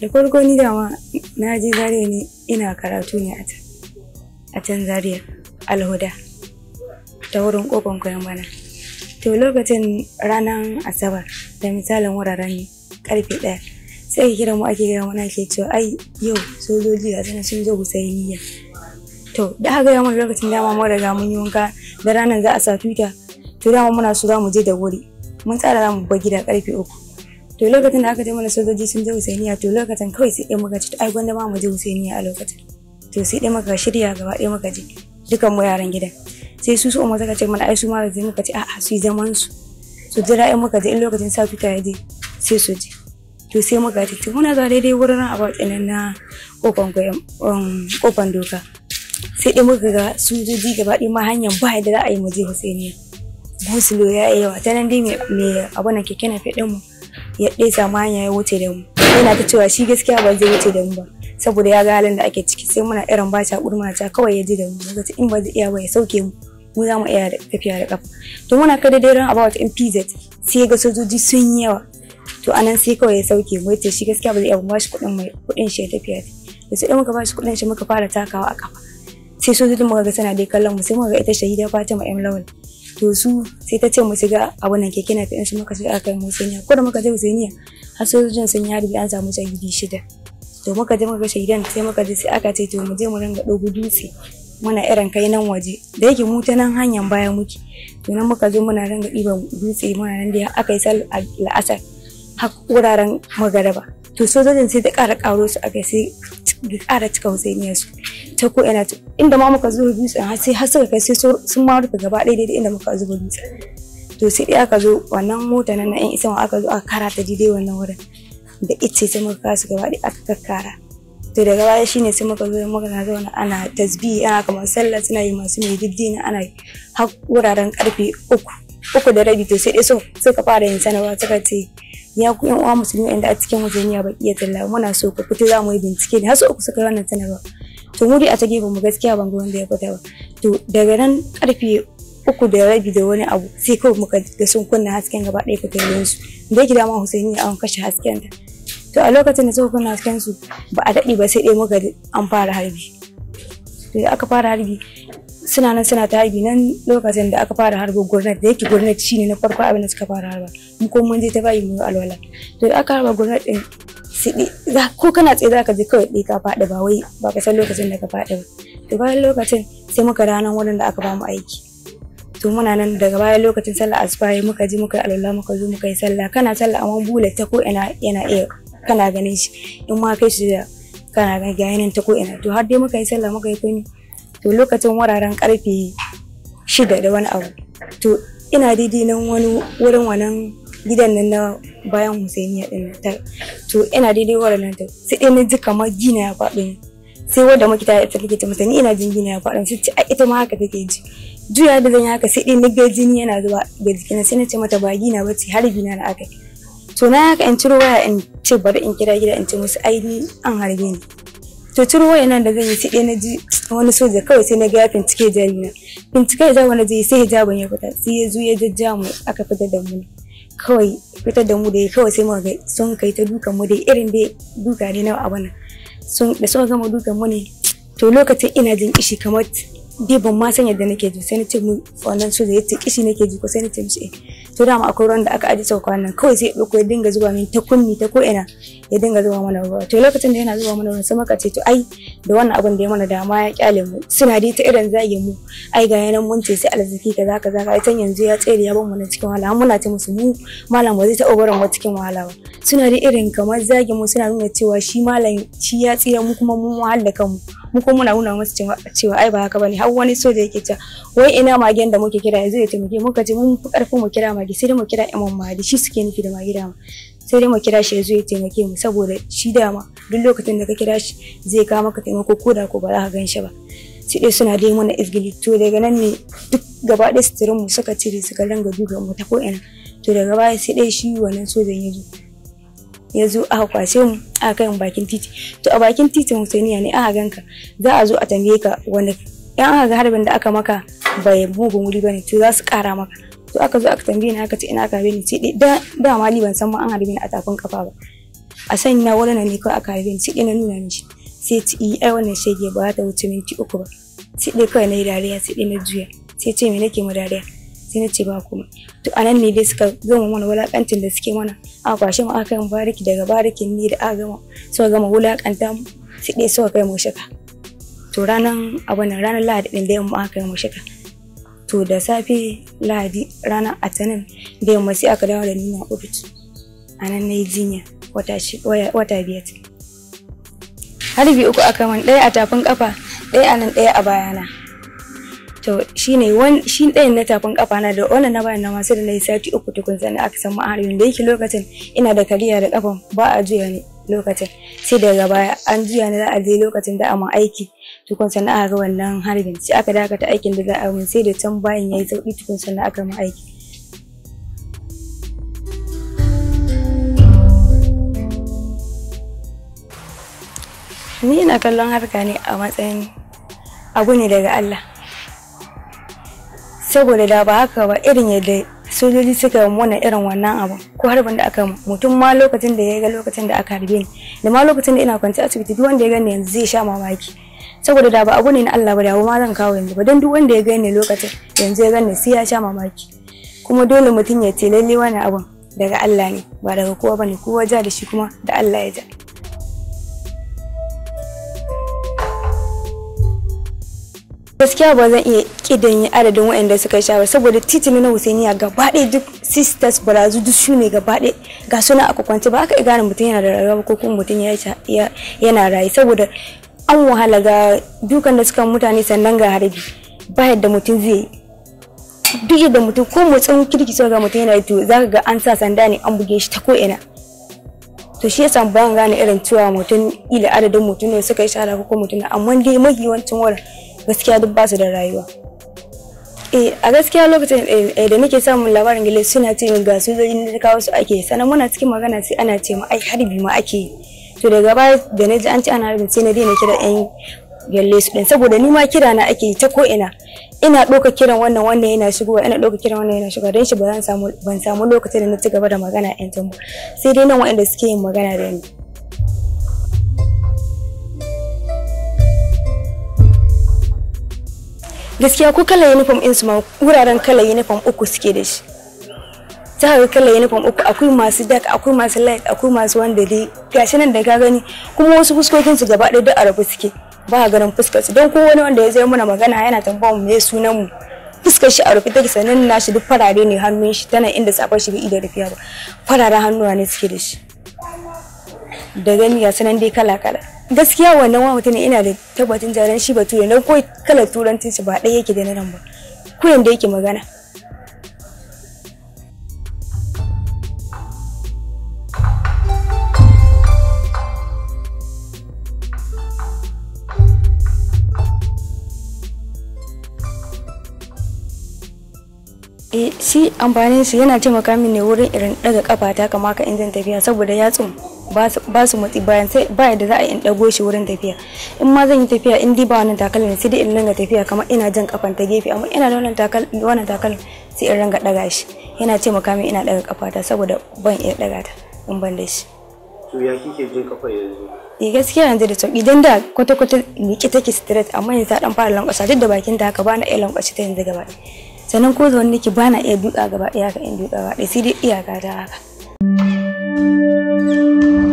da farko ni dama na je zariya ne ina karatu ne a can a can zariya alhuda ta wurin ƙofan koyon bana to lokacin ranar asabar da misalin wuraren karfe ɗaya sai kira mu ake gaya mana ke cewa ai yau sojoji ga sana sun zo husainiya to da haka ya mun lokacin dama mu riga mun yi wanka da ranar za a sa tuta to dama muna so za mu je da wuri mun tsara za mu bar gida karfe uku to lokacin da aka je mana sojoji sun je Usainiya to lokacin kawai sai dai muka ci ai gwanda ma mu je Usainiya a lokacin to sai dai muka shirya gaba dai muka je dukan mu yaran gidan sai su su umma zaka ce mana ai su ma da zai muka ce a'a su zaman su su jira ai muka je in lokacin sa fita ya je sai su je to sai muka ce to muna zuwa daidai wurin a bakin nan na kofan kofan um, doka sai dai muka ga ji gaba dai ma hanyar ba yadda za a yi mu je Usainiya Bosilo ya yi yawa ta nan dai mai abu na keke na mu ya ɗesa ma hanya ya wuce da mu yana ta cewa shi gaskiya ba zai wuce da mu ba saboda ya ga halin da ake ciki sai muna irin ba ta kurma ta kawai ya ji da mu daga in ba zai iya ba ya sauke mu mu za mu iya tafiya da kafa to muna kada dai ran about MPZ sai ga sojoji sun yi yawa to anan sai kawai ya sauke mu yace shi gaskiya ba zai iya ba shi kuɗin mai kuɗin shi ya tafiya da sai muka ba shi kuɗin shi muka fara takawa a kafa sai sojojin muka ga suna dai kallon mu sai muka ga ita shahida Fatima M Lawal to su sai ta ce mu shiga a wannan keke na fi'in su muka shiga akan Husainiya ko da muka je Husainiya har jin sun ya rubi an samu shahidi shida to muka je muka shahidan sai muka je sai aka ce to mu je mu ringa dogo dutse muna irin kai nan waje da yake mu ta nan hanyar baya muke to nan muka zo muna ringa ɗiban dutse muna nan da aka yi sal la'asar har wuraren magaraba to sojojin sai ta ƙara ƙaro su aka sai ƙara cika husainiyar su ta ko ina inda ma muka zuba dutsen har sai har suka kai sai sun ma rufe gaba ɗaya daidai inda muka zuba dutsen to sai dai aka zo wannan mota nan na yan isa aka zo aka kara ta daidai wannan wurin da ice sai muka kasu gaba ɗaya aka kakkara to daga baya shine sai muka zo muka na zauna ana tasbihi ana kamar sallah suna yi masu mai diddi na ana har wuraren karfe uku uku da rabi to sai dai suka fara yin sanarwa suka ce ya ku yan uwa musulmi inda a cikin wajeniya ba iya talla muna so ku fito za mu yi bincike da hasu uku suka yi wannan sanarwa to mu dai a ta gefe mu gaskiya ban ga wanda ya fita ba to daga nan karfe uku da rabi da wani abu sai kawai muka da sun kunna hasken gaba ɗaya fitar da su da gida ma Husaini an kashe hasken ta to a lokacin da suka kunna hasken su ba a daɗe ba sai dai muka an fara harbi to aka fara harbi suna nan suna ta harbi nan lokacin da aka fara harbo gwamnati da yake gwamnati shine na farko abin da suka fara harba mu ko mun je ta bayi mu alwala to da aka harba gurnat din ko kana tsaye zaka je kawai ka faɗi ba wai ba ka san lokacin da ka faɗi ba to bayan lokacin sai muka ranar wurin da aka ba mu aiki to muna nan daga bayan lokacin sallah asuba muka ji muka alwala muka zo muka yi sallah kana sallah amma bula ta ko ina yana iya kana ganin shi in ma kai shi da kana ganin ta ko ina to har dai muka yi sallah muka yi komi to lokacin wuraren karfe shida da wani abu to ina daidai nan wani wurin wannan gidan nan na bayan Husainiya din ta to ina daidai wurin nan ta sai dai na ji kamar gina ya faɗi sai wanda muke ta ita ta mata ni ina jin gina ya faɗi sai ce a ita ma haka take ji juya da zan haka sai dai na ga jini yana zuba ga na sai na ce mata ba gina ba ce har gina na aka to na haka in ciro waya in ce bari in kira gida in ce musu ai an harbe ni to ciro wayannan da zan yi sai na ji wani soja kawai sai na ga fincike jari na fincike da na je sai hijabin ya fita sai ya zo ya jajja mu aka fitar da mu kawai fitar da mu da kawai sai mu ga sun kai ta dukan mu da irin dai duka ne na abana sun da suka gama dukan mu ne to lokacin ina jin kishi kamar dai ban ma san yadda nake ji sai na ce mu wannan su da yace kishi nake ji ko sai na ce mishi eh. to dama akwai ruwan da aka aje sau kwana kawai sai ya ya dinga zuba min ta kunni ta ko ina ya dinga zuba mana ruwa to lokacin da yana zuba mana ruwa sai muka ce to ai da wannan abin da ya mana dama ya kyale mu suna dai ta irin zage mu ai ga yanan mun ce sai ka zaka zaka ka san yanzu ya tsere ya ban mu na cikin wahala na ce musu mu malam ba zai ta obaran mu cikin wahala ba suna dai irin kamar zage mu suna nuna cewa shi malam shi ya tsira mu kuma mun wahala kanmu mu mu ko muna nuna masa cewa ai ba haka bane har wani soja yake cewa wai ina magen da muke kira yanzu ya taimake mu ka ce mun fi karfin mu kira mage sai dai mu kira imam mahadi shi suke nufi da mage dama sai dai mu kira shi yanzu ya taimake mu saboda shi dama duk lokacin da ka kira shi zai kawo maka taimako ko da ko ba za ka gan shi ba sai dai suna dai mana izgili to daga nan ne duk gaba ɗaya suturin mu suka cire suka ranga duka mu ta ko ina to daga baya sai dai shi wannan sojan ya zo ya zo aka kwashe mu aka kai mu bakin titi to a bakin titin husainiya ne aka ganka za a zo a tambaye ka wanda yan aka ga harbin da aka maka bai mugun wuri bane to za su kara maka to aka zo aka tambaye ni aka ce ina karbe ni sai da da mali ban san ma an harbi ni a tafin kafa ba a sanya na ne kawai aka harbe ni sai na nuna mishi sai ci yi eh, ai wannan shege ba ta wuce minti uku ba sai dai kawai na yi dariya sai dai na juya sai ce me nake mu dariya sai na ce ba kuma to a nan ne dai suka gama mana wulakancin da suke mana a kwashe mu aka yi bariki daga barikin ni da aka gama suka gama wulakanta mu sai dai suka kai mu shaka to ranan abin nan ranar lahadi din da mu aka yi mu shaka to da safe lahadi ranar atanin da mu sai aka dawo da ni na ofis a nan na yi jinya wata biyar bi uku aka man ɗaya a tafin kafa ɗaya a nan ɗaya a bayana to shine wani shi ɗayan na tafin kafa na da wannan na bayan na masu da na yi sati uku tukun sani aka samu arin da yake lokacin ina da kariya da kafan ba a juya ne lokacin sai daga baya an juya ne za a je lokacin da ma aiki tukun sani aka ga wannan harbin sai aka dakata aikin da za a yi, sai da can bayan yayi sauki tukun sani aka ma aiki ni ina kallon harka ne a matsayin abu ne daga Allah saboda da ba haka ba irin yadda sojoji suka mana irin wannan abu ko harbin da aka mutum ma lokacin da ya ga lokacin da aka harbe ni da ma lokacin da ina kwanci asibiti duk wanda ya gani yanzu zai sha mamaki saboda da ba abu ne na Allah ba da ma zan kawo yanzu ba don duk wanda ya gani lokacin yanzu ya gani sai ya sha mamaki kuma dole mutum ya ce lalle wani abun daga Allah ne ba daga kowa bane kowa ja da shi kuma da Allah ya ja gaskiya ba zan iya kidan adadin waɗanda suka sha ba saboda titini na husainiya gaba ɗaya duk sisters barazu duk su ne gaba ɗaya ga suna a kwakwance ba aka gane mutum yana da rayuwa ko kuma mutum yana rayu saboda an wahala ga dukan da suka mutane sannan ga harbi ba yadda mutum zai yi duk yadda mutum ko motsin kirki ga mutum yana to zaka ga an sa sanda ne an buge shi ta ko ina to shi yasa ban gane irin cewa mutum ila adadin mutum ne suka yi shara ko mutum amma dai mahiwancin wurin gaskiya duk ba su da rayuwa eh a gaskiya lokacin eh, eh, da nake samun labarin gele suna ce min ga sojojin da kawo su ake sannan muna cikin magana sai ana ce mu ai harbi ma ake to daga baya da na ji an ce ana harbi sai na daina kira yan gelle su din saboda ni ma kira na ake ta ko ina ina ɗauka kiran wannan wannan yana shigowa ina ɗauka kiran wannan yana shigowa don shi ba samu ban samu lokacin da na ci gaba da magana yan tambo sai dai nan waɗanda suke yin magana da ni gaskiya ko kala uniform din su ma wuraren kala uniform uku suke da shi ta ga kala uniform uku akwai masu dark akwai masu light akwai masu wanda dai gashi nan da ka gani kuma wasu fuskokin su gaba ɗaya duk a rabu suke ba a ganin fuskar su don ko wani wanda ya zai muna magana yana tambayar mu me sunan mu fuskar shi a rufe take sanin nashi duk farare ne hannun shi tana inda safar shi bai da rufiya ba fararen hannuwa ne suke da shi da gani ga sanan dai kala kala gaskiya wannan wa ne, ina da tabbatin jaran shi bature na koi kalar turanci shi ba ɗaya yake da nan ba kuyan yanda yake magana eh, shi amfanin shi yana taimaka min ne wurin irin daga kafata kama ka in zan tafiya saboda yatsun ba su motsi bayan sai ba yadda za a yi in dago shi wurin tafiya in ma zan yi tafiya in di ba wannan takalmi sai dai in ranga tafiya kamar ina jan kafan ta gefe amma ina da wannan takal wannan sai in ranga daga shi yana ce min ina daga kafata saboda ban iya daga ta in ban da shi to ya kike jin kafa yanzu eh gaskiya yanzu da sauki idan da kwata kwata miki take straight amma yanzu ta dan fara lankwasa duk da bakin ta haka ba na iya lankwasa ta yanzu gaba sannan ko zuwan niki ba na iya duka gaba ɗaya haka in duka gaba ɗaya sai dai iyaka ta haka Thank you.